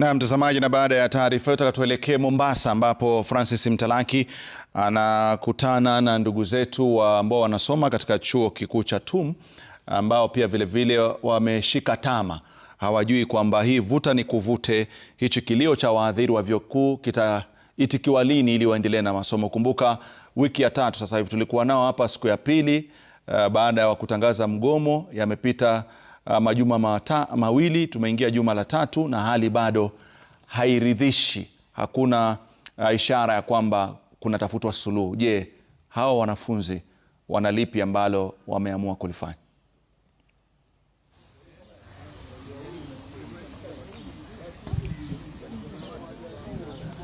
Na mtazamaji, na baada ya taarifa hiyo taka tuelekee Mombasa ambapo Francis Mtalaki anakutana na ndugu zetu ambao wanasoma katika chuo kikuu cha TUM ambao pia vilevile wameshika tama, hawajui kwamba hii vuta ni kuvute, hichi kilio cha waadhiri wa vyuo kitaitikiwa lini ili waendelee na masomo. Kumbuka wiki ya tatu sasa hivi tulikuwa nao hapa siku ya pili, uh, baada ya kutangaza mgomo, yamepita uh, majuma mata, mawili tumeingia juma la tatu na hali bado hairidhishi. Hakuna uh, ishara ya kwamba kunatafutwa suluhu. Je, hawa wanafunzi wana lipi ambalo wameamua kulifanya?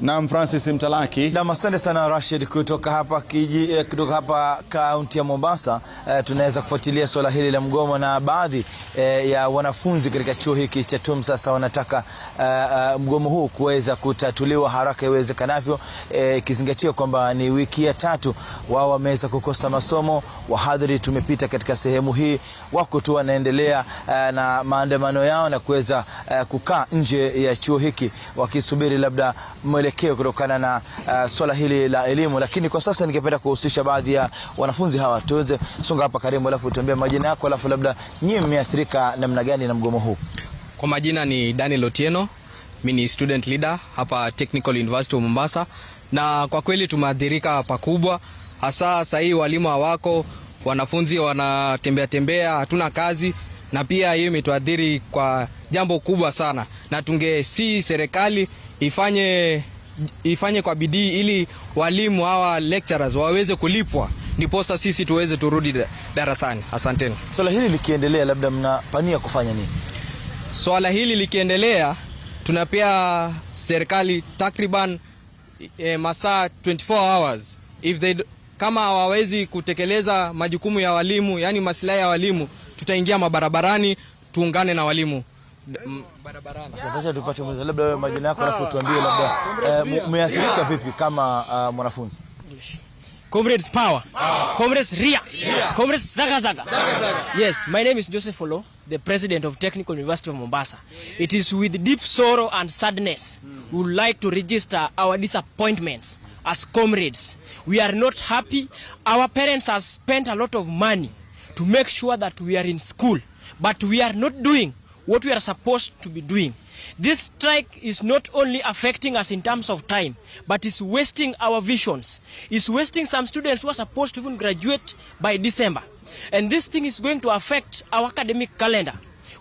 Naam, Francis Mtalaki. Naam, asante sana Rashid, kutoka hapa kiji, eh, kutoka hapa kaunti ya Mombasa eh, tunaweza kufuatilia suala hili la mgomo na baadhi eh, ya wanafunzi katika chuo hiki cha TUM sasa wanataka eh, eh, mgomo huu kuweza kutatuliwa haraka iwezekanavyo, eh, ikizingatia eh, kwamba ni wiki ya tatu wao wameweza kukosa masomo. Wahadhiri tumepita katika sehemu hii, wako tu wanaendelea eh, na maandamano yao na kuweza eh, kukaa nje ya chuo hiki wakisubiri labda mwele mwelekeo kutokana na uh, swala hili la elimu, lakini kwa sasa ningependa kuhusisha baadhi ya wanafunzi hawa. Tuweze songa hapa karibu, alafu tuambie majina yako, alafu labda nyinyi mmeathirika namna gani na mgomo huu? Kwa majina ni Daniel Otieno, mimi ni student leader hapa Technical University of Mombasa, na kwa kweli tumeathirika pakubwa, hasa sahii walimu hawako, wanafunzi wanatembea tembea, hatuna kazi na pia hiyo imetuadhiri kwa jambo kubwa sana, na tunge si serikali ifanye ifanye kwa bidii ili walimu hawa lecturers waweze kulipwa ndiposa sisi tuweze turudi darasani. Asanteni. Swala hili likiendelea, labda mnapania kufanya nini? Swala hili likiendelea, tunapea serikali takriban e, masaa 24 hours if they kama hawawezi kutekeleza majukumu ya walimu, yani masilahi ya walimu, tutaingia mabarabarani tuungane na walimu. Barabarani. Tupate labda wewe majina yako alafu tuambie labda ah, eh, umeathirika vipi kama ah, mwanafunzi? Comrades Power. Comrades Ria. Comrades Zaga Zaga. Yes, my name is Joseph Olo, the president of Technical University of Mombasa. It is with deep sorrow and sadness we would like to register our disappointments as comrades. We are not happy. Our parents have spent a lot of money to make sure that we are in school, but we are not doing what we are supposed to be doing. This strike is not only affecting us in terms of time, but is wasting our visions. It's wasting some students who are supposed to even graduate by December. And this thing is going to affect our academic calendar.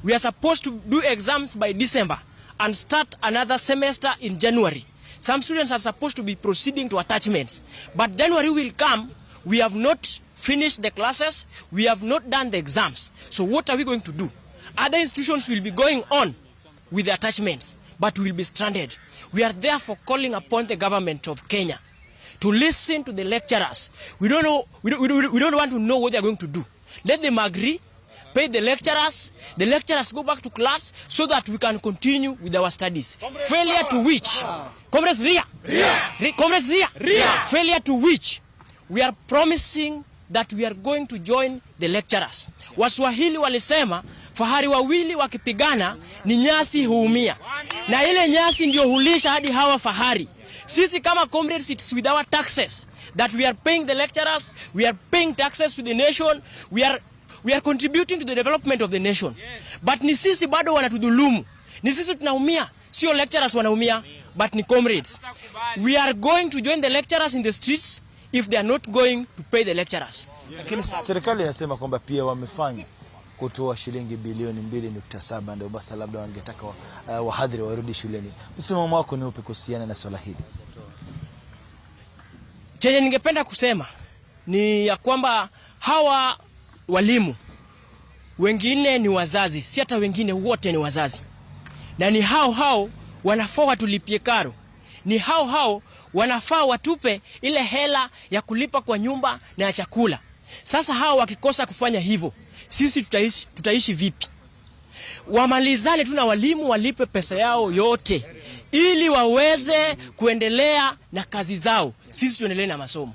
We are supposed to do exams by December and start another semester in January. Some students are supposed to be proceeding to attachments. But January will come, we have not finished the classes, we have not done the exams. So what are we going to do? Other institutions will be going on with the attachments, but will be stranded. We are therefore calling upon the government of Kenya to listen to the lecturers. We don't, know, we don't, we don't, we don't want to know what they are going to do. Let them agree, pay the lecturers, the lecturers go back to class so that we can continue with our studies. Comrades Failure power. to which, power. Comrades Ria, Ria. Comrades Ria. Ria, Failure to which we are promising that we are going to join the lecturers. Waswahili walisema Fahari wawili wakipigana ni nyasi huumia, na ile nyasi ndio hulisha hadi hawa fahari. Sisi kama comrades, it's with our taxes that we are paying the lecturers, we are paying taxes to the nation, we are, we are contributing to the development of the nation. But ni sisi bado wanatudhulumu, ni sisi tunaumia, sio lecturers wanaumia, but ni comrades. We are going to join the lecturers in the streets if they are not going to pay the lecturers. Lakini serikali inasema kwamba pia wamefanya kutoa shilingi bilioni 2.7. Ndio basi labda wangetaka uh, wahadhiri warudi shuleni. Msimamo wako ni upi kuhusiana na swala hili? Chenye ningependa kusema ni ya kwamba hawa walimu wengine ni wazazi, si hata wengine, wote ni wazazi, na ni hao hao wanafaa watulipie karo, ni hao hao wanafaa watupe ile hela ya kulipa kwa nyumba na ya chakula. Sasa hawa wakikosa kufanya hivyo, sisi tutaishi, tutaishi vipi? Wamalizane tu na walimu, walipe pesa yao yote ili waweze kuendelea na kazi zao, sisi tuendelee na masomo.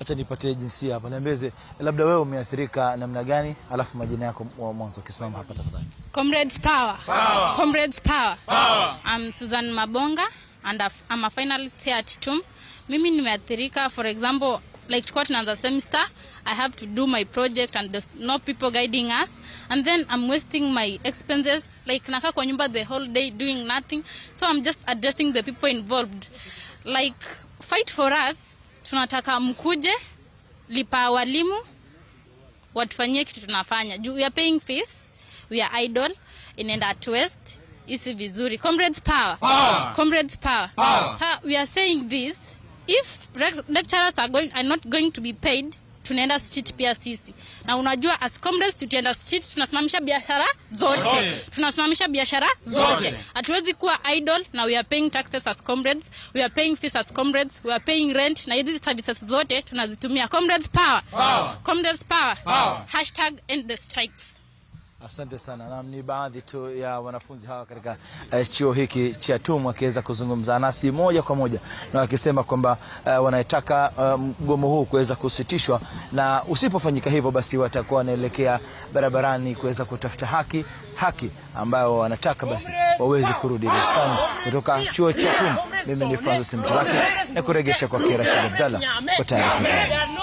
Acha nipatie jinsia hapa, niambie labda wewe umeathirika namna gani, alafu majina yako wa mwanzo kisoma hapa tafadhali. Comrades power. Power. Comrades power. Power. I'm Susan Mabonga and I'm a finalist here at TUM. Mimi nimeathirika for example like tulikuwa tunaanza semester I have to do my project and there's no people guiding us and then I'm wasting my expenses like nakaa kwa nyumba the whole day doing nothing so I'm just addressing the people involved like fight for us tunataka mkuje lipa walimu watufanyie kitu tunafanya juu are paying fees we are idle inaenda at west isi vizuri comrades power, power. comrades power. power. So we are saying this if lecturers are, going, are not going to be paid tunaenda street pia sisi, na unajua as comrades tutaenda street, tunasimamisha biashara zote, tunasimamisha biashara zote. Hatuwezi kuwa idol na we are paying taxes as comrades, we are paying fees as comrades, we are paying rent, na hizi services zote tunazitumia. Comrades power, power. Comrades power, power. Hashtag end the strikes. Asante sana. Naam, ni baadhi tu ya wanafunzi hawa katika eh, chuo hiki cha TUM wakiweza kuzungumza nasi moja kwa moja na wakisema kwamba eh, wanaitaka eh, mgomo um, huu kuweza kusitishwa na usipofanyika hivyo basi watakuwa wanaelekea barabarani kuweza kutafuta haki haki ambayo wanataka basi waweze kurudi darasani. Kutoka chuo cha TUM, mimi ni Francis Mtalaki na kuregesha kwa Rashid Abdalla kwa taarifa zaidi.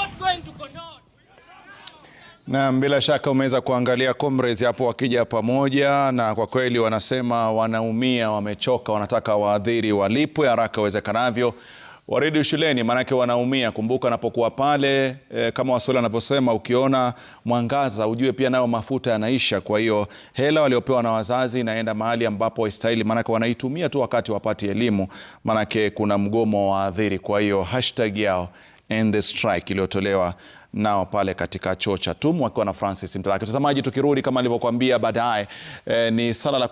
Na bila shaka umeweza kuangalia comrades hapo wakija pamoja, na kwa kweli wanasema wanaumia, wamechoka, wanataka waadhiri walipwe haraka iwezekanavyo, warudi shuleni, maanake wanaumia. Kumbuka anapokuwa pale e, kama Waswahili wanavyosema ukiona mwangaza ujue pia nayo mafuta yanaisha. Kwa hiyo hela waliopewa na wazazi inaenda mahali ambapo haistahili, maanake wanaitumia tu wakati wapati elimu, maanake kuna mgomo wa waadhiri. Kwa hiyo hashtag yao end the strike iliyotolewa nao pale katika chuo cha TUM wakiwa na Francis Mtalaki. Mtazamaji, tukirudi kama alivyokuambia baadaye eh, ni sala la